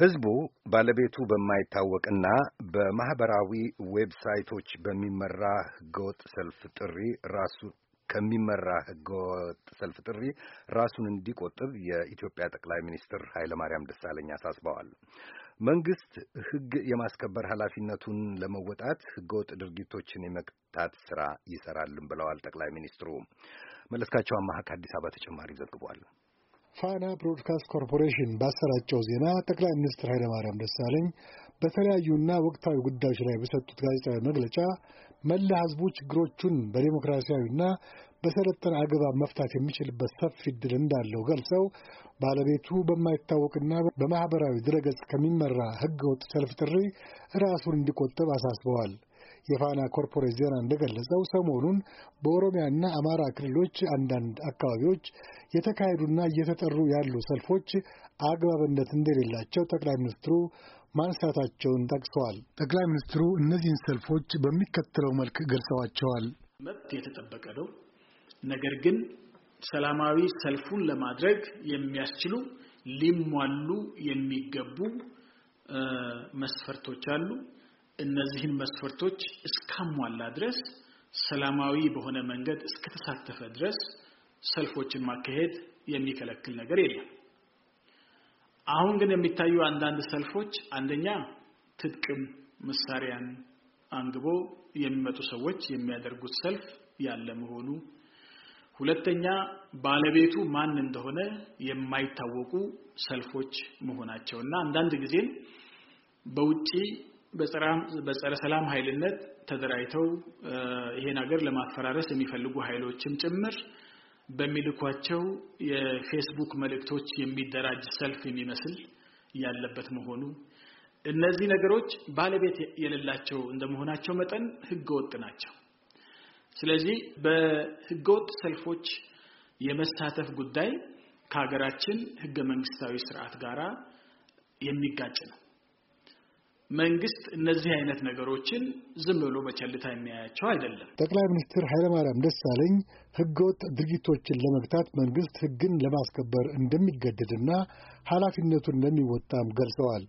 ህዝቡ ባለቤቱ በማይታወቅና በማህበራዊ ዌብሳይቶች በሚመራ ህገወጥ ሰልፍ ጥሪ ራሱ ከሚመራ ህገወጥ ሰልፍ ጥሪ ራሱን እንዲቆጥብ የኢትዮጵያ ጠቅላይ ሚኒስትር ኃይለማርያም ደሳለኝ አሳስበዋል። መንግስት ህግ የማስከበር ኃላፊነቱን ለመወጣት ህገወጥ ድርጊቶችን የመቅታት ስራ ይሰራልም ብለዋል ጠቅላይ ሚኒስትሩ። መለስካቸው አማሃ ከአዲስ አበባ ተጨማሪ ዘግቧል። ፋና ብሮድካስት ኮርፖሬሽን ባሰራጨው ዜና ጠቅላይ ሚኒስትር ኃይለማርያም ደሳለኝ በተለያዩና ወቅታዊ ጉዳዮች ላይ በሰጡት ጋዜጣዊ መግለጫ መላ ህዝቡ ችግሮቹን በዴሞክራሲያዊና በሰለጠነ አግባብ መፍታት የሚችልበት ሰፊ እድል እንዳለው ገልጸው ባለቤቱ በማይታወቅና በማኅበራዊ ድረገጽ ከሚመራ ወጥ ሰልፍ ጥሪ ራሱን እንዲቆጠብ አሳስበዋል። የፋና ኮርፖሬት ዜና እንደገለጸው ሰሞኑን በኦሮሚያና አማራ ክልሎች አንዳንድ አካባቢዎች የተካሄዱና እየተጠሩ ያሉ ሰልፎች አግባብነት እንደሌላቸው ጠቅላይ ሚኒስትሩ ማንሳታቸውን ጠቅሰዋል። ጠቅላይ ሚኒስትሩ እነዚህን ሰልፎች በሚከተለው መልክ ገልጸዋቸዋል። መብት የተጠበቀ ነው። ነገር ግን ሰላማዊ ሰልፉን ለማድረግ የሚያስችሉ ሊሟሉ የሚገቡ መስፈርቶች አሉ። እነዚህን መስፈርቶች እስካሟላ ድረስ ሰላማዊ በሆነ መንገድ እስከተሳተፈ ድረስ ሰልፎችን ማካሄድ የሚከለክል ነገር የለም። አሁን ግን የሚታዩ አንዳንድ ሰልፎች አንደኛ ትጥቅም መሳሪያን አንግቦ የሚመጡ ሰዎች የሚያደርጉት ሰልፍ ያለ መሆኑ ሁለተኛ ባለቤቱ ማን እንደሆነ የማይታወቁ ሰልፎች መሆናቸው እና አንዳንድ ጊዜም በውጪ በጸረ ሰላም ኃይልነት ተደራጅተው ይሄን ሀገር ለማፈራረስ የሚፈልጉ ኃይሎችም ጭምር በሚልኳቸው የፌስቡክ መልእክቶች የሚደራጅ ሰልፍ የሚመስል ያለበት መሆኑ እነዚህ ነገሮች ባለቤት የሌላቸው እንደመሆናቸው መጠን ህገወጥ ናቸው። ስለዚህ በህገወጥ ሰልፎች የመሳተፍ ጉዳይ ከሀገራችን ህገ መንግስታዊ ስርዓት ጋር የሚጋጭ ነው። መንግስት እነዚህ አይነት ነገሮችን ዝም ብሎ በቸልታ የሚያያቸው አይደለም። ጠቅላይ ሚኒስትር ኃይለማርያም ደሳለኝ ህገወጥ ድርጊቶችን ለመግታት መንግስት ህግን ለማስከበር እንደሚገደድና ኃላፊነቱን እንደሚወጣም ገልጸዋል።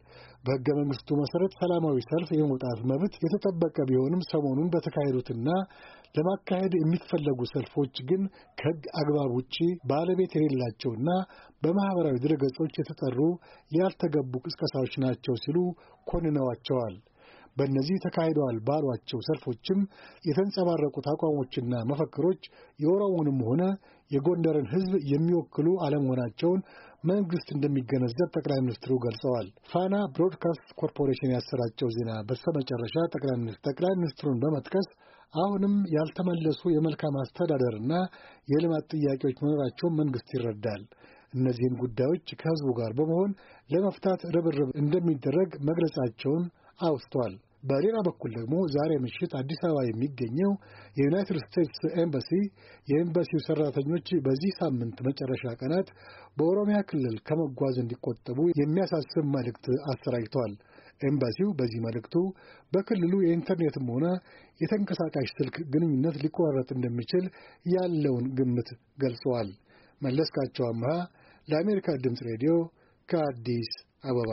በህገ መንግስቱ መሰረት ሰላማዊ ሰልፍ የመውጣት መብት የተጠበቀ ቢሆንም ሰሞኑን በተካሄዱትና ለማካሄድ የሚፈለጉ ሰልፎች ግን ከህግ አግባብ ውጪ ባለቤት የሌላቸውና በማኅበራዊ ድረገጾች የተጠሩ ያልተገቡ ቅስቀሳዎች ናቸው ሲሉ ኮንነዋቸዋል። በእነዚህ ተካሂደዋል ባሏቸው ሰልፎችም የተንጸባረቁት አቋሞችና መፈክሮች የኦሮሞንም ሆነ የጎንደርን ሕዝብ የሚወክሉ አለመሆናቸውን መንግስት እንደሚገነዘብ ጠቅላይ ሚኒስትሩ ገልጸዋል። ፋና ብሮድካስት ኮርፖሬሽን ያሰራጨው ዜና በስተመጨረሻ ጠቅላይ ሚኒስትሩን በመጥቀስ አሁንም ያልተመለሱ የመልካም አስተዳደርና የልማት ጥያቄዎች መኖራቸውን መንግስት ይረዳል። እነዚህን ጉዳዮች ከህዝቡ ጋር በመሆን ለመፍታት ርብርብ እንደሚደረግ መግለጻቸውን አውስቷል። በሌላ በኩል ደግሞ ዛሬ ምሽት አዲስ አበባ የሚገኘው የዩናይትድ ስቴትስ ኤምባሲ የኤምባሲው ሰራተኞች በዚህ ሳምንት መጨረሻ ቀናት በኦሮሚያ ክልል ከመጓዝ እንዲቆጠቡ የሚያሳስብ መልእክት አሰራጅተዋል። ኤምባሲው በዚህ መልእክቱ በክልሉ የኢንተርኔትም ሆነ የተንቀሳቃሽ ስልክ ግንኙነት ሊቋረጥ እንደሚችል ያለውን ግምት ገልጸዋል። መለስካቸው አምሃ ለአሜሪካ ድምፅ ሬዲዮ ከአዲስ አበባ